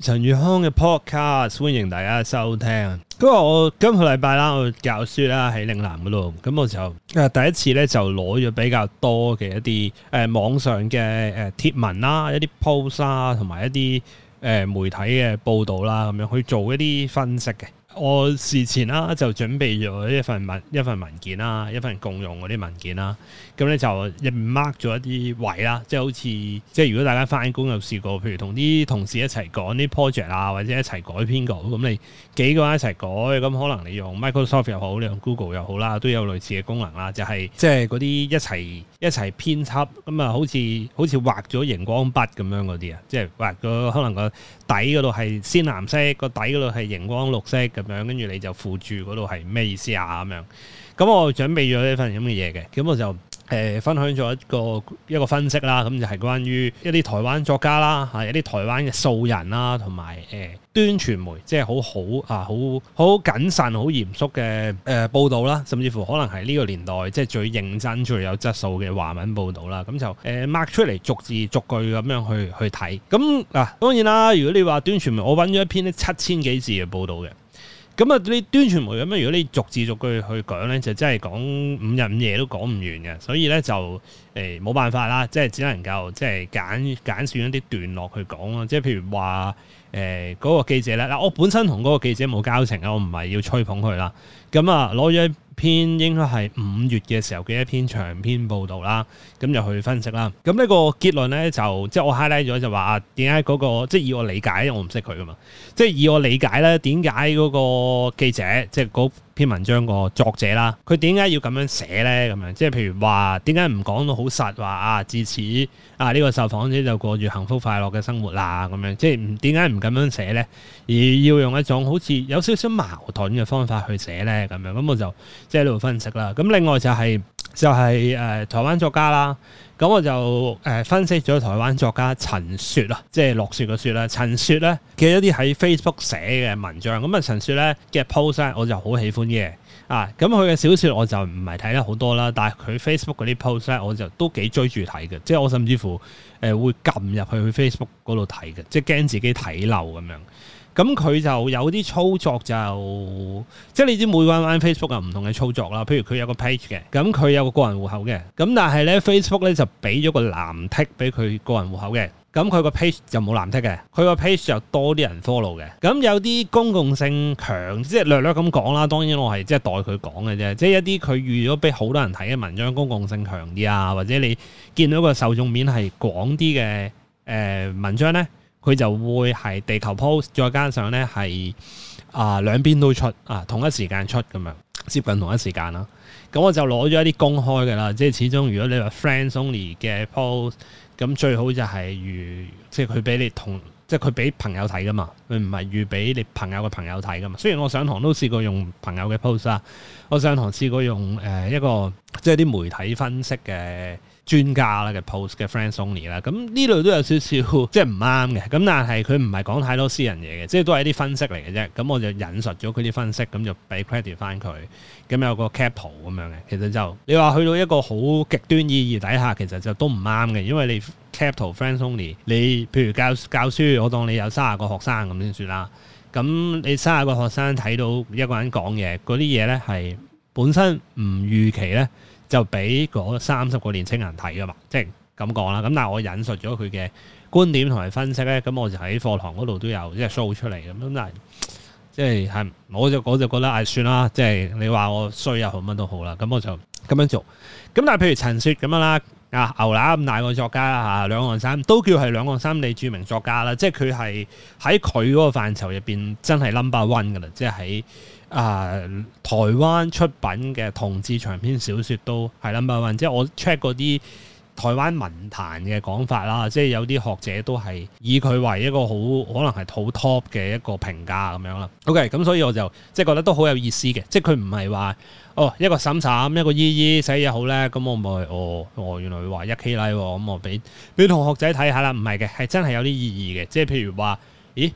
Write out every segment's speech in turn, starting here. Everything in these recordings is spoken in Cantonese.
陳宇、yeah，康嘅 podcast，歡迎大家收聽。不過我今個禮拜啦，我教書啦喺嶺南嗰度，咁我就第一次咧就攞咗比較多嘅一啲誒、呃、網上嘅誒貼文啦，啊、一啲 post 啦，同埋一啲誒媒體嘅報道啦，咁、啊、樣去做一啲分析嘅。我事前啦就準備咗一份文一份文件啦，一份共用嗰啲文件啦。咁咧就認 mark 咗一啲位啦，即係好似即係如果大家翻工有試過，譬如同啲同事一齊講啲 project 啊，或者一齊改編稿，咁你幾個人一齊改，咁可能你用 Microsoft 又好，你用 Google 又好啦，都有類似嘅功能啦，就係、係、即係嗰啲一齊。一齊編輯咁啊，嗯，好似好似畫咗螢光筆咁樣嗰啲啊，即係畫個可能個底嗰度係鮮藍色，個底嗰度係螢光綠色咁樣，跟住你就附住嗰度係咩意思啊？咁樣，咁我準備咗呢份咁嘅嘢嘅，咁我就。誒分享咗一個一個分析啦，咁就係關於一啲台灣作家啦，嚇一啲台灣嘅素人啦，同埋誒端傳媒，即係好好啊，好好謹慎、好嚴肅嘅誒報導啦，甚至乎可能係呢個年代即係最認真、最有質素嘅華文報導啦。咁就誒掹，啊，出嚟逐字逐句咁樣去去睇。咁嗱，啊，當然啦，啊，如果你話端傳媒，我揾咗一篇七千幾字嘅報導嘅。咁啊，你端傳媒咁啊，如果你逐字逐句去講咧，就真係講五日五夜都講唔完嘅，所以咧就誒冇、呃、辦法啦，即係只能夠即係揀揀選一啲段落去講咯，即係譬如話誒嗰個記者咧，嗱我本身同嗰個記者冇交情啊，我唔係要吹捧佢啦，咁啊攞咗。篇應該係五月嘅時候嘅一篇長篇報導啦，咁就去分析啦。咁呢個結論咧就即係我 highlight 咗就話點解嗰個，即係以我理解，因為我唔識佢㗎嘛。即係以我理解咧，點解嗰個記者即係嗰。篇文章個作者啦，佢點解要咁樣寫呢？咁樣即係譬如話，點解唔講到好實話啊？至此啊，呢個受訪者就過住幸福快樂嘅生活啦。咁樣，咁樣即係點解唔咁樣寫呢？而要用一種好似有少少矛盾嘅方法去寫呢？咁樣咁我就即係喺度分析啦。咁另外就係。就係、是、誒、呃、台灣作家啦，咁、啊、我就誒、呃、分析咗台灣作家陳雪啊，即係落雪嘅雪啦。陳雪咧嘅一啲喺 Facebook 寫嘅文章，咁、嗯、啊陳雪咧嘅 post 咧我就好喜歡嘅啊，咁佢嘅小説我就唔係睇得好多啦，但係佢 Facebook 嗰啲 post 咧我就都幾追住睇嘅，即係我甚至乎誒會撳入去去 Facebook 嗰度睇嘅，即係驚自己睇漏咁樣。咁佢就有啲操作就，即係你知每玩玩 Facebook 有唔同嘅操作啦。譬如佢有個 page 嘅，咁佢有個個人戶口嘅，咁但係咧 Facebook 咧就俾咗個藍剔俾佢個人戶口嘅，咁佢個 page 就冇藍剔嘅，佢個 page 就多啲人 follow 嘅。咁有啲公共性強，即係略略咁講啦。當然我係即係代佢講嘅啫，即係一啲佢遇咗俾好多人睇嘅文章，公共性強啲啊，或者你見到個受眾面係廣啲嘅誒文章咧。佢就會係地球 post，再加上咧係啊兩邊都出啊，同一時間出，咁樣接近同一時間啦。咁我就攞咗一啲公開嘅啦，即係始終如果你話 friends only 嘅 post，咁最好就係預即係佢俾你同即係佢俾朋友睇噶嘛，佢唔係預俾你朋友嘅朋友睇噶嘛。雖然我上堂都試過用朋友嘅 post 啦，我上堂試過用誒、呃、一個即係啲媒體分析嘅。專家啦嘅 post 嘅 friends only 啦，咁呢度都有少少即係唔啱嘅，咁但係佢唔係講太多私人嘢嘅，即係都係一啲分析嚟嘅啫。咁我就引述咗佢啲分析，咁就俾 credit 翻佢。咁有個 cap 圖咁樣嘅，其實就你話去到一個好極端意義底下，其實就都唔啱嘅，因為你 cap 圖 friends only 你譬如教教書，我當你有三十個學生咁先算啦。咁你三十個學生睇到一個人講嘢，嗰啲嘢咧係本身唔預期咧。就俾三十個年青人睇啊嘛，即係咁講啦。咁但係我引述咗佢嘅觀點同埋分析咧，咁我就喺課堂嗰度都有即係 show 出嚟咁。咁但係即係係，我就我就覺得唉，算啦，即係你話我衰又好乜都好啦。咁我就咁樣做。咁但係譬如陳雪咁樣啦。啊，牛腩咁大個作家啊，兩岸三都叫係兩岸三，地著名作家啦，即係佢係喺佢嗰個範疇入邊真係 number one 嘅啦，即係喺啊台灣出品嘅同志長篇小説都係 number one，即係我 check 嗰啲。台灣文壇嘅講法啦，即係有啲學者都係以佢為一個好可能係好 top 嘅一個評價咁樣啦。OK，咁所以我就即係覺得都好有意思嘅，即係佢唔係話哦一個審查一個依依寫嘢好咧，咁我咪哦，我、哦、原來佢話一 k l、like，喎、哦，咁、嗯、我俾俾同學仔睇下啦。唔係嘅，係真係有啲意義嘅，即係譬如話，咦？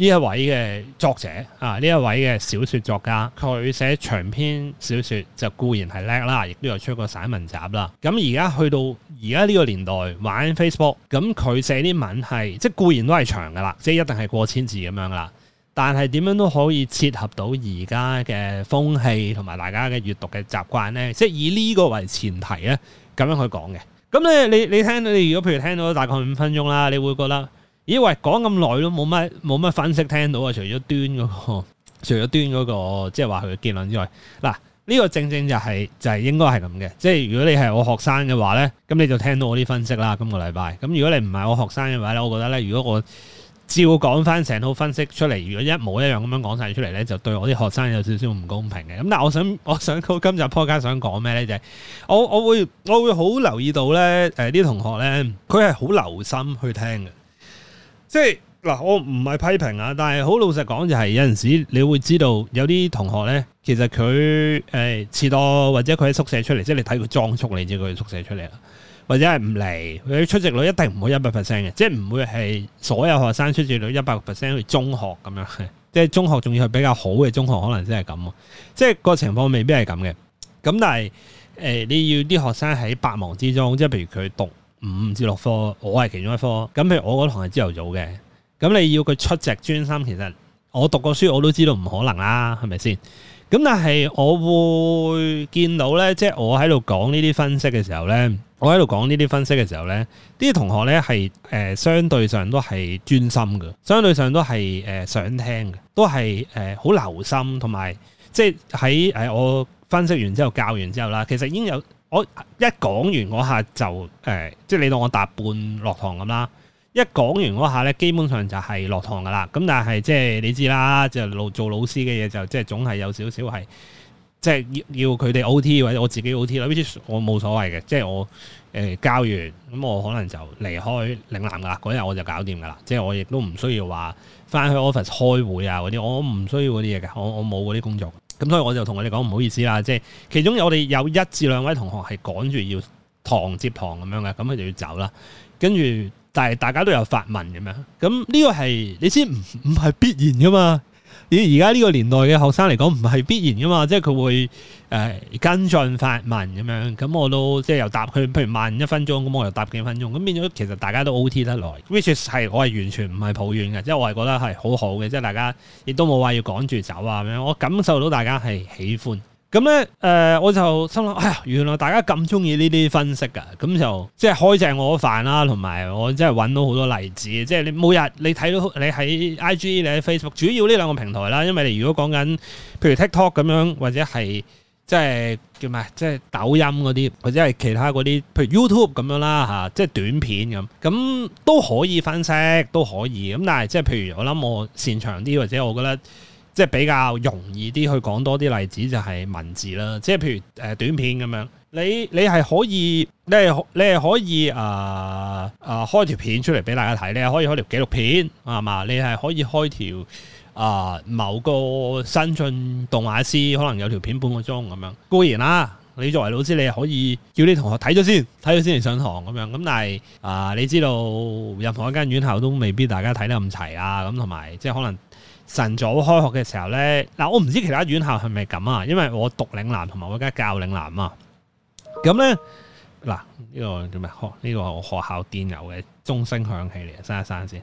呢一位嘅作者啊，呢一位嘅小說作家，佢寫長篇小說就固然係叻啦，亦都有出過散文集啦。咁而家去到而家呢個年代玩 Facebook，咁佢寫啲文係，即固然都係長噶啦，即係一定係過千字咁樣啦。但係點樣都可以切合到而家嘅風氣同埋大家嘅閱讀嘅習慣呢？即係以呢個為前提呢，咁樣去講嘅。咁咧，你你聽到，你如果譬如聽到大概五分鐘啦，你會覺得？咦喂，講咁耐都冇乜冇乜分析聽到啊！除咗端嗰個，除咗端嗰個，即係話佢嘅結論之外，嗱，呢個正正就係就係應該係咁嘅。即係如果你係我學生嘅話咧，咁你就聽到我啲分析啦。今個禮拜，咁如果你唔係我學生嘅話咧，我覺得咧，如果我照講翻成套分析出嚟，如果一模一樣咁樣講晒出嚟咧，就對我啲學生有少少唔公平嘅。咁但係我想我想今集波嘉想講咩咧？就係我我會我會好留意到咧，誒啲同學咧，佢係好留心去聽嘅。即係嗱，我唔係批評啊，但係好老實講，就是，就係有陣時你會知道有啲同學咧，其實佢誒遲到或者佢喺宿舍出嚟，即係你睇佢裝束，你知佢喺宿舍出嚟啦，或者係唔嚟佢出席率一定唔會一百 percent 嘅，即係唔會係所有學生出席率一百 percent 去中學咁樣，即係中學仲要係比較好嘅中學，可能先係咁，即係個情況未必係咁嘅。咁但係誒、呃、你要啲學生喺百忙之中，即係譬如佢讀。五至六科，我係其中一科。咁譬如我嗰堂係朝頭早嘅，咁你要佢出席專心，其實我讀過書，我都知道唔可能啦，係咪先？咁但係我會見到咧，即係我喺度講呢啲分析嘅時候咧，我喺度講呢啲分析嘅時候咧，啲同學咧係誒相對上都係專心嘅，相對上都係誒想聽嘅，都係誒好留心，同埋即係喺誒我分析完之後教完之後啦，其實已經有。我一講完嗰下就誒、呃，即係你當我達半落堂咁啦。一講完嗰下咧，基本上就係落堂噶啦。咁但係即係你知啦，就老做老師嘅嘢就即係總係有少少係，即係要要佢哋 O.T. 或者我自己 O.T. which。我冇所謂嘅，即係我誒教、呃、完咁我可能就離開嶺南噶啦。嗰日我就搞掂噶啦，即係我亦都唔需要話返去 office 開會啊嗰啲，我唔需要嗰啲嘢嘅，我我冇嗰啲工作。咁所以我就同佢哋講，唔好意思啦，即係其中有我哋有一至兩位同學係趕住要堂接堂咁樣嘅，咁佢就要走啦。跟住但係大家都有發問咁樣，咁呢個係你知唔唔係必然㗎嘛？咦，而家呢個年代嘅學生嚟講，唔係必然噶嘛，即係佢會誒、呃、跟進發問，咁樣。咁我都即係又答佢，譬如問一分鐘，咁我又答幾分鐘。咁變咗，其實大家都 O T 得耐。Which is 係我係完全唔係抱怨嘅，即係我係覺得係好好嘅，即係大家亦都冇話要趕住走啊咁樣。我感受到大家係喜歡。咁咧，誒、嗯，我就心諗，哎呀，原來大家咁中意呢啲分析噶，咁就即係開正我飯啦，同埋我真係揾到好多例子，即係你每日你睇到你喺 IG，你喺 Facebook，主要呢兩個平台啦。因為你如果講緊，譬如 TikTok 咁樣，或者係即係叫咩，即係抖音嗰啲，或者係其他嗰啲，譬如 YouTube 咁樣啦，嚇、啊，即係短片咁，咁都可以分析，都可以。咁但係即係譬如我諗我擅長啲，或者我覺得。即係比較容易啲去講多啲例子，就係文字啦。即係譬如誒短片咁樣，你你係可以，你係你係可以啊啊、呃呃、開條片出嚟俾大家睇，你係可以開條紀錄片啊嘛。你係可以開條啊、呃、某個新進動畫師，可能有條片半個鐘咁樣固然啦、啊。你作為老師，你係可以叫啲同學睇咗先，睇咗先嚟上堂咁樣。咁但係啊、呃，你知道任何一間院校都未必大家睇得咁齊啊。咁同埋即係可能。晨早開學嘅時候咧，嗱我唔知其他院校係咪咁啊，因為我讀嶺南同埋我而家教嶺南啊，咁咧嗱、呢、這個叫咩學？呢、這個我學校電郵嘅鐘聲響起嚟，嘥一嘥先。誒、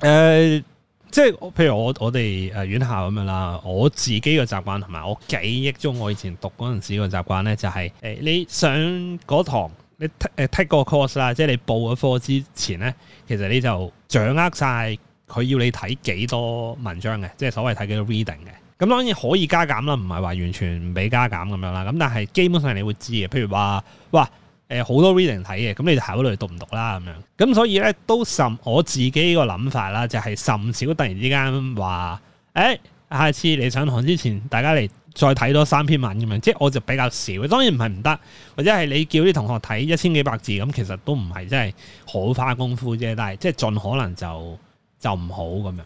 呃，即係譬如我我哋誒、呃、院校咁樣啦，我自己嘅習慣同埋我記憶中，我以前讀嗰陣時嘅習慣咧，就係誒你上嗰堂你 take 誒 take 個 course 啦，即係你報咗課之前咧，其實你就掌握晒。佢要你睇幾多文章嘅，即係所謂睇幾多 reading 嘅。咁當然可以加減啦，唔係話完全唔俾加減咁樣啦。咁但係基本上你會知嘅，譬如話，哇，誒、呃、好多 reading 睇嘅，咁你就考慮讀唔讀啦咁樣。咁所以呢，都甚我自己個諗法啦，就係、是、甚少突然之間話，誒、欸，下次你上堂之前，大家嚟再睇多三篇文咁樣。即係我就比較少。當然唔係唔得，或者係你叫啲同學睇一千幾百字咁，其實都唔係真係好花功夫啫。但係即係盡可能就。就唔好咁樣，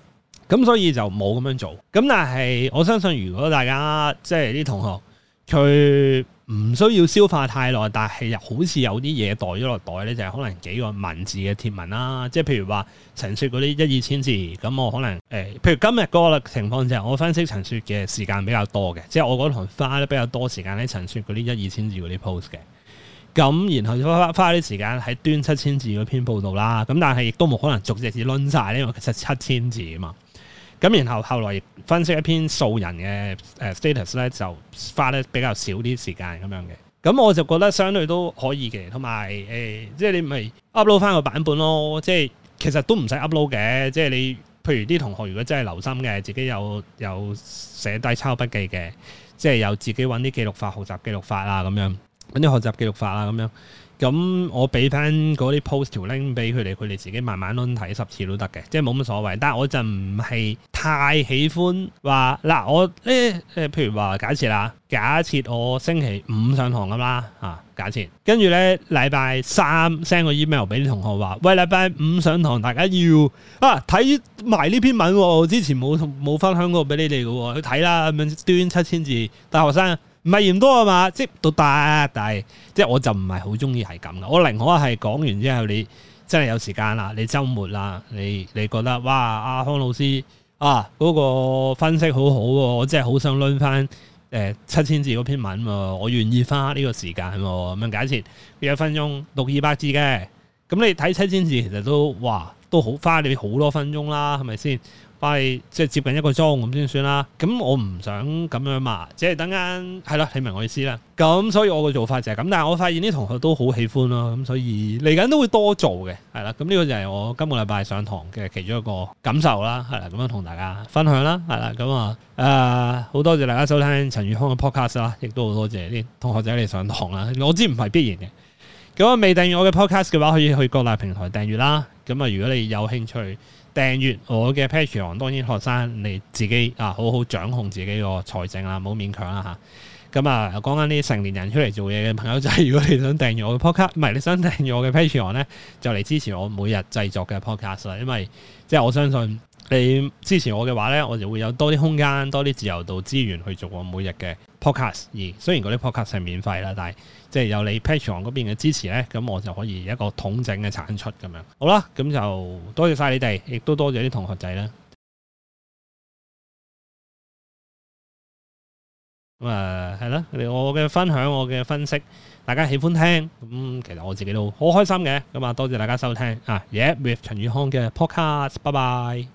咁所以就冇咁樣做。咁但係我相信，如果大家即係啲同學，佢唔需要消化太耐，但係又好似有啲嘢袋咗落袋呢，就係、是、可能幾個文字嘅貼文啦。即係譬如話陳雪嗰啲一二千字，咁我可能誒、哎，譬如今日嗰個情況就係我分析陳雪嘅時間比較多嘅，即係我嗰堂花得比較多時間喺陳雪嗰啲一二千字嗰啲 post 嘅。咁，然後花花花啲時間喺端七千字嗰篇報道啦。咁但係亦都冇可能逐隻字論晒，因為其實七千字啊嘛。咁然後後來分析一篇素人嘅誒、呃、status 咧，就花得比較少啲時間咁樣嘅。咁我就覺得相對都可以嘅，同埋誒，即係你咪 upload 翻個版本咯。即係其實都唔使 upload 嘅。即係你譬如啲同學如果真係留心嘅，自己有有寫低抄筆記嘅，即係有自己揾啲記錄法、學習記錄法啊咁樣。揾啲學習記錄法啊咁樣，咁我俾翻嗰啲 post 條 link 俾佢哋，佢哋自己慢慢攆睇十次都得嘅，即係冇乜所謂。但係我就唔係太喜歡話嗱，我呢、欸，譬如話假設啦，假設我星期五上堂咁啦嚇，假設跟住呢，禮拜三 send 個 email 俾啲同學話，喂禮拜五上堂大家要啊睇埋呢篇文，我之前冇冇分享過俾你哋嘅，去睇啦咁樣，端七千字大學生。唔係嫌多啊嘛，即係讀大但係，即係我就唔係好中意係咁啦。我寧可係講完之後，你真係有時間啦，你週末啦，你你覺得哇，阿、啊、康老師啊，嗰、那個分析好好、啊，我真係好想攆翻誒七千字嗰篇文喎、啊，我願意花呢個時間咁、啊、樣假設，一分鐘讀二百字嘅，咁你睇七千字其實都哇都好花你好多分鐘啦、啊，係咪先？翻即係接近一個鐘咁先算啦，咁我唔想咁樣嘛，即係等間係啦，你明我意思啦。咁所以我個做法就係咁，但係我發現啲同學都好喜歡咯，咁所以嚟緊都會多做嘅，係啦。咁呢個就係我今個禮拜上堂嘅其中一個感受啦，係啦，咁樣同大家分享啦，係啦，咁啊，誒、呃、好多謝大家收聽陳宇康嘅 podcast 啦，亦都好多謝啲同學仔嚟上堂啦。我知唔係必然嘅，咁未訂閱我嘅 podcast 嘅話，可以去各大平台訂閱啦。咁啊，如果你有興趣訂閱我嘅 Patreon 當然學生你自己啊，好好掌控自己個財政啦，唔好勉強啦吓，咁啊，講緊啲成年人出嚟做嘢嘅朋友仔，就係、如果你想訂閱我嘅 podcast，唔係你想訂閱我嘅 Patreon 咧，就嚟支持我每日製作嘅 podcast 啦。因為即係我相信你支持我嘅話咧，我就會有多啲空間、多啲自由度、資源去做我每日嘅。Podcast 二，雖然嗰啲 Podcast 係免費啦，但係即係有你 Patreon 嗰邊嘅支持咧，咁我就可以一個統整嘅產出咁樣。好啦，咁就多謝晒你哋，亦都多謝啲同學仔啦。咁啊、嗯，係啦，我嘅分享，我嘅分析，大家喜歡聽，咁、嗯、其實我自己都好開心嘅。咁啊，多謝大家收聽啊，嘢、yeah, with 陳宇康嘅 Podcast，拜拜。